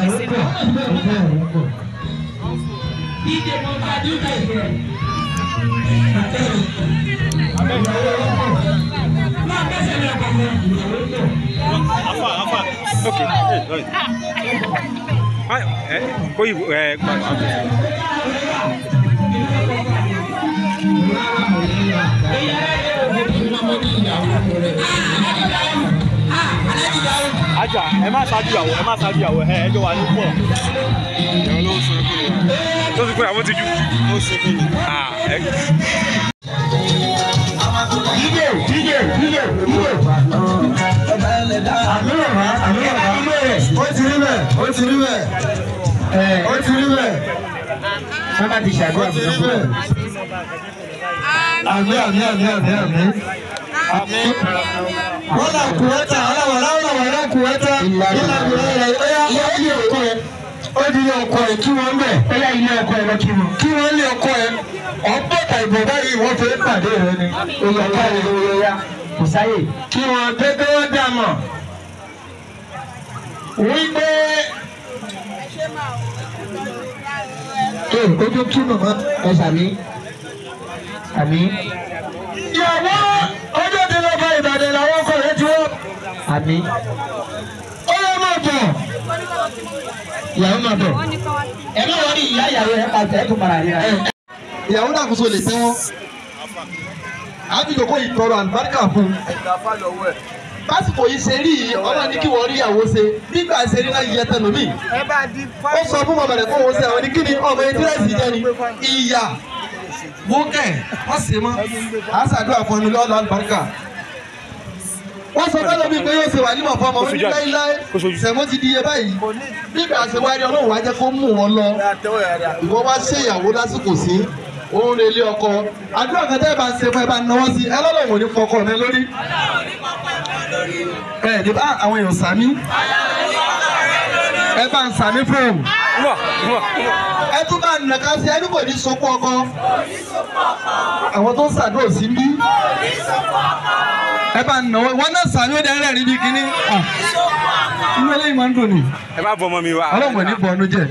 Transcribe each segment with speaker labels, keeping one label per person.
Speaker 1: I said, I'm going to DJ Bombadil tá aí. Afa, afa. Ok.
Speaker 2: Hey, ah, é, foi, é, jà ẹ má ṣáájú ìyàwó ẹ má ṣáájú ìyàwó ẹ ẹjọ́ wa ní pọ̀.
Speaker 1: ìyàwó ló sọ fún
Speaker 2: mi. tó pé àwọn ti ju. ó sì fún mi.
Speaker 1: dídè dídè dídè dídè. àmúlò wá àmúlò
Speaker 2: ó ti rí bẹ́ẹ̀ ó ti rí
Speaker 1: bẹ́ẹ̀ ó ti rí bẹ́ẹ̀. bàbá ti ṣàdúrà fún mi. àmín àmín àmín àmín àmín. àmín wala quwwata
Speaker 2: wala wala wala wala quwwata illa billah ọ̀yà ilé ọkọ ẹ̀
Speaker 1: ó di ilé ọkọ ẹ̀ kí wọ́n bẹ̀ ọ̀yà ilé ọkọ ẹ̀ lọ́kì wọn. kí wọ́n lé ọkọ ẹ̀ ọ̀pọ̀ta ìbò báyìí wọ́n fẹ́ pàdé rẹ ni olùkọ́ ẹ̀ lóya kò sáyè. kí wọ́n tẹ́tẹ́
Speaker 2: wọ́n dà mọ̀ wípé ojú túnú mọ́ ẹ sàmí sàmí. mi. ó
Speaker 1: yẹ mọ̀ bọ̀ ìyàwó mọ̀ bọ̀ ẹ má wọ́n rí ìyá ìyàwó ẹ̀
Speaker 2: pàṣẹ ẹ̀ tó para rí ra. ìyàwó náà kò so lè tẹ́wọ́ àbíjọ kó ìtọrọ àlùbáríkà fún un básìkò yìí ṣe rí yìí ọmọ ní kí wọ́n rí ìyàwó ṣe nígbà ṣe rí náà yẹ tẹnu mí. ó sọ fún bàbá rẹ̀ kó wọ́n ṣe àwọn ní kí ni ọmọ ìdírẹ́sì jẹ́ ni ìyà wókè ọ̀sẹ̀ mọ́ àṣàdúrà fún ẹni lọ́ọ́ lọ́ọ́ àlùbáríkà
Speaker 1: wọ́n sọ fẹ́ lómi pé yóò ṣe wà nímọ̀ fún ọmọ wọn láíláí
Speaker 2: sẹ̀mọ́ ti di iye báyìí nígbà àṣewárí ọlọ́run wá jẹ́ kó mú wọn lọ ìwọ wá ṣe ìyàwó lásìkò sí òun relé ọkọ àdúrà kan tẹ́ ẹ bá ń ṣe fún ẹ bá ń náwó sí ẹ lọ́lọ́run ò ní fọkọ rẹ lórí. ẹ ẹ dìbò àwọn èèyàn sàmí ẹ bá ń sàmí fún ẹ tún bá nàka sí ẹni kò ní sunkún ọkọ àwọn tó ń ṣàdúrà sí bí ẹ bá nà ó wọn náà sàmì ó dẹrẹ rí bí kíní ah. inú eléyìí máa ń dùn ni. ẹ bá bọmọ mi wá. ọlọ́mọ ní bọ̀ọ́nù jẹ.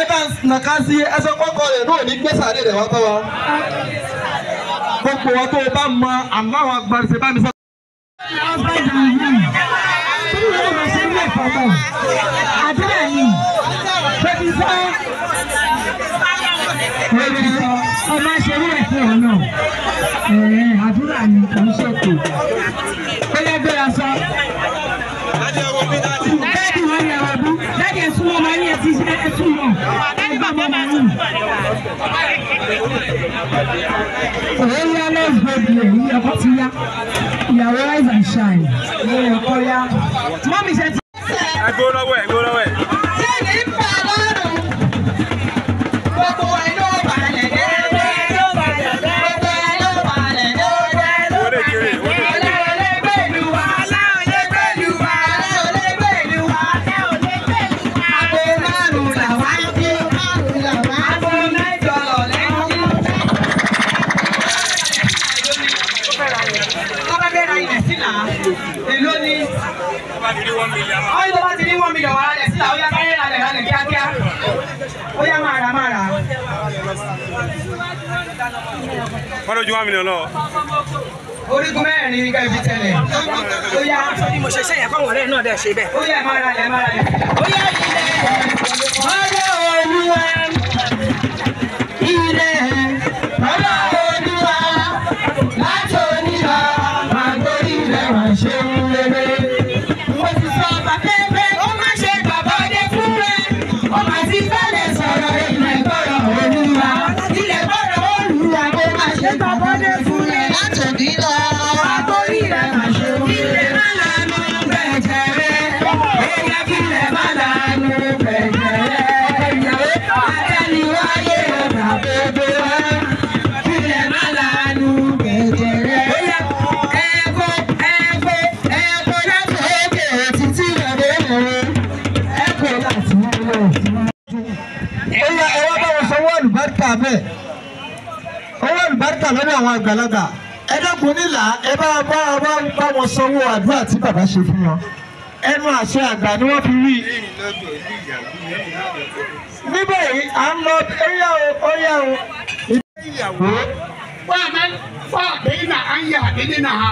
Speaker 2: ẹ bá nàka sí ẹsẹ kọ́kọ́ rẹ̀ náà ní gbé sàárè rẹ̀ wá bá wa. gbogbo wọn tó o bá mọ aláwọ̀ agbárisẹ̀ bá mi sọ. àdúrà
Speaker 1: yìí tó ti sọ ọmọ ṣe wúrẹ̀ náà. I
Speaker 2: go nowhere. í ṣètò ẹlẹ́ wọ́n lójú wá mílíọ̀nù lọ. orígun mẹ́rin ni ká ibi tẹ̀lé. ó yá aṣọ ni mo ṣe ṣẹ́yìn fáwọn ọ̀rẹ́ náà dẹ̀ mara. bẹ́ẹ̀. ó yá máa ra lẹ̀ máa ra lẹ̀. ó yá ilẹ̀
Speaker 1: ọjọ́ olúwa ilẹ̀ ọjọ́ olúwa látòní lọ màgbórí rẹ̀ wá ṣeun.
Speaker 2: àlùbáríkà bẹ́ẹ̀ owó àlùbáríkà lọ́wọ́ àwọn àgbàlagbà ẹ dákun nílà ẹ bá bá bá bá wọn sanwó àdúrà tí bàbá ṣe fún wọn ẹnu àṣẹ àgbà ni wọ́n fi rí i. níbẹ̀ yìí à ń lọ óyá o óyá o. ìyàwó wọ́n àmọ́ fún àbẹ́yìnà á ń yà àbẹ́yìnà ha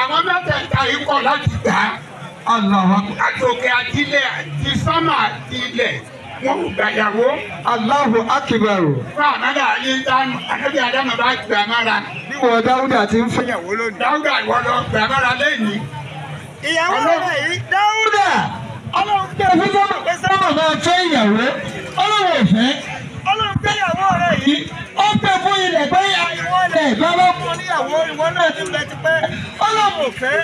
Speaker 2: àwọn mẹ́tẹ̀ẹ̀ta yìí kọ̀ láti gbà á. àti òkè àti ilẹ̀ àti sánmà àti ilẹ̀ yóò gbàyàwó. Allahu akibaru. Fún àmàlà ayé dánù, ànábì Adamu bá gbà mára. Níwọ̀ Dáúdà ti ń fẹ́yàwó lónìí. Dáúdà ìwọ lọ gbà mára lẹ́yìn. Ìyàwó rẹ̀ yìí Dáúdà. Ọlọ́run gbé fún sọ́mọ̀ máa fẹ́ ìyàwó. Ọlọ́run ò Ọlọ́run gbé ìyàwó rẹ̀ yìí. Ó pè fún ilẹ̀ pé ìwọ ilẹ̀ bábá fún oníyàwó ìwọ náà ti lẹ ti pẹ́. Ọlọ́run ò fẹ́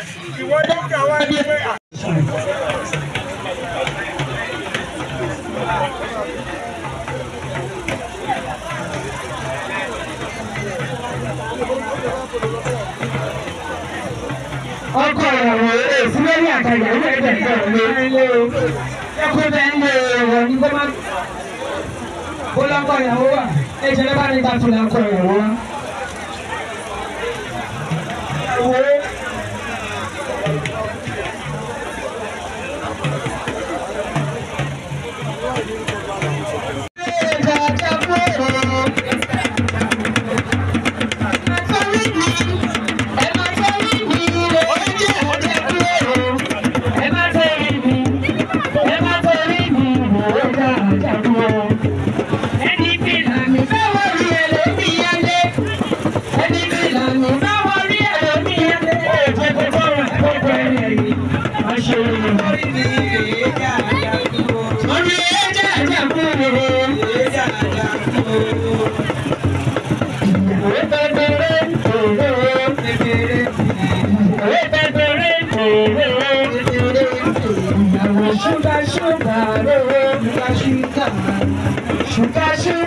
Speaker 2: ọkọ ìyàwó èsì lórí àtàyà ilé ẹgbẹ ìgbà ìwé
Speaker 1: ilé bẹ ń lé ọwọ́ ní
Speaker 2: gbọmọ bọlá ọkọ ìyàwó wa ẹjẹ lẹba ní gbàtúlẹ ọkọ ìyàwó wa.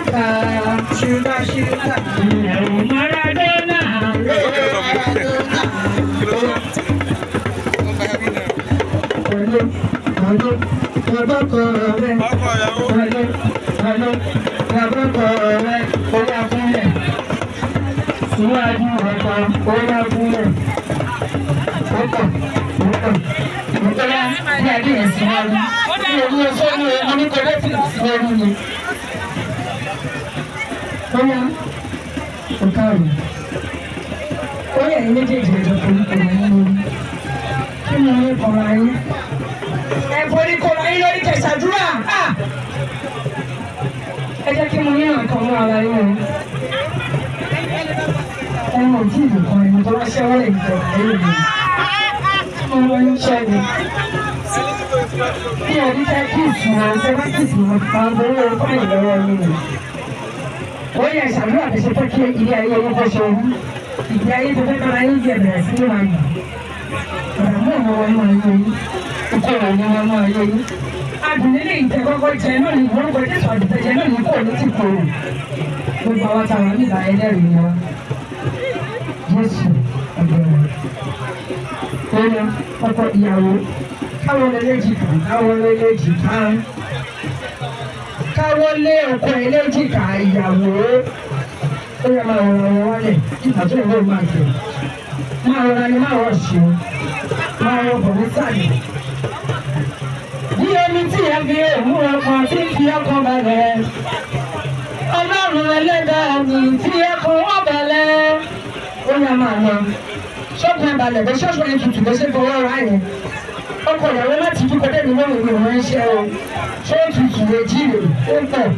Speaker 1: síwájú ọ̀pá ọ̀yá fúnlẹ̀ ọkọ̀ ọkọ̀ ìgbéra ní adé ìsìnwájú ní orí ọ̀ṣọ́ ní oníkọ̀ọ́lẹ́tì ìsìnwájú ni bóyá
Speaker 2: ọ̀gá rẹ̀ bóyá ẹ̀yin méjèèjì ẹ̀jọ̀ foríkọ ayé lórí kí ni ayé kọ̀ọ̀rọ̀ ayé ẹ̀ foríkọ ayé lórí kẹsàdúrà
Speaker 1: ẹ jẹ́ kí mo ní ìrànkọ́ mọ́ ara yín o ẹ̀yin ò tí ì lè kọ́ ẹ̀yin tó bá ṣẹ́wọ́ lè gbọ́ ẹ̀yin lè mo lọ ń ṣẹ́gun bí ẹni fẹ́ kí ìsìn àwọn sẹ́fẹ́ kìsìn wọn fún àwọn olórí fún ìlọ́wọ́ yín nìyẹn ó yẹ ìṣàlù àti ṣe fẹ́ kí ilé ayé yẹn fẹ́ ṣe ohun ìdí ayé tó fẹ́ kọ́ ayé jẹ bẹ̀rẹ̀ sí ní wàá yìí
Speaker 2: ọ̀rọ̀ mú ọmọ wọn náà yẹ yín ikú ọ̀rọ̀ ni wọn náà yẹ yín. adùnnílé ìtẹ̀kọ́kọ́ jẹ náà
Speaker 1: ní orúkọ jésù àdùtẹ̀ jẹ náà ní kò ní ti kòrò gbogbo àwọn táwọn nígbà ẹlẹ́rìí ni wọn jésù ọ̀gbẹ̀rẹ̀ ẹ̀yàn ọkọ ìyàwó káwọn lẹ́lẹ́jì kan káwọn lẹ́lẹ́jì kan
Speaker 2: káwọ́ lé nǹkan ẹlẹ́jìká ìyàwó ó yẹ máa rọra wọn wálẹ̀ nígbà tó ìwé máa jẹ máa rọra ni máa rọ ṣe máa rọ bọ̀ nísàlẹ̀. bí omi tí ẹ fi òmù ọkàn tí fi ọkàn balẹ̀ ọlọ́run ẹlẹ́dàá mi fi ọkàn wọ́n balẹ̀ ó yẹ máa lọ ṣọ́ọ̀bù ẹ̀ balẹ̀ bẹ́ẹ̀ ṣọ́ọ̀ṣù ẹ̀ tutù bẹ́ẹ̀ ṣe fọwọ́ ra yẹn ọkọ̀ ìyàwó láti dúkọ́ dẹ́nu lórí ìwé ìránṣẹ́ o ṣé ó tutù ìdèjì rè ó tọ̀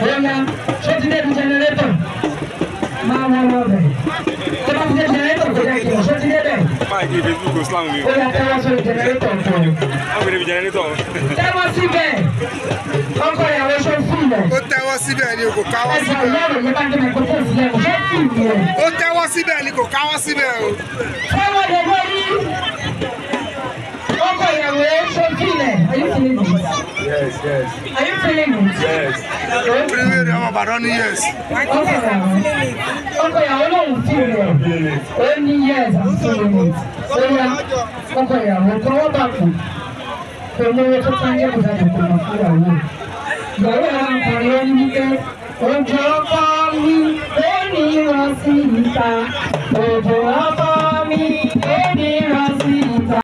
Speaker 2: bóyá ṣé ti débi jẹnẹrétọ̀ máa wọ wọ bẹ̀. tó bá ti dé jẹnẹrétọ̀ kò yẹ kí ọ ṣé ti dé bẹ̀. báyìí ìdè dúró slam mi. ó yà tẹ́wọ́ sórí jẹnẹrétọ̀ kan. wọ́n fi débi jẹnẹrétọ̀. tẹ́wọ́ síbẹ̀ ọkọ ìyàwó ṣe ń fún ilẹ̀. ó tẹ́wọ́ síbẹ̀ ni kò káwọ́ síbẹ̀. ẹ̀sán ìyá rẹ̀ ní bá mi kò tó sílẹ̀ kò ṣe é ó tẹ́wọ́ síbẹ̀ ni kò káwọ́ síbẹ̀ o. ọmọ ìyàwó ṣe are you feeling it?
Speaker 1: Yes, yes.
Speaker 2: Are you feeling it? Yes. I'm feeling. ọmọ Ìbàdàn ni yes. Ọkọ ìyàwó Okay, fi rẹ̀, ó ní yes, I'm feeling it. Ó yá ọkọ
Speaker 1: ìyàwó kan wọ́n bà kù. Kò lówó tó tán going to. tó kòtà to. ìyàwó. Ìyàwó yàrá ń parí ó ní wípé òjò ọkọ mi, ó ní wọ́n sí ìta. Òjò mi.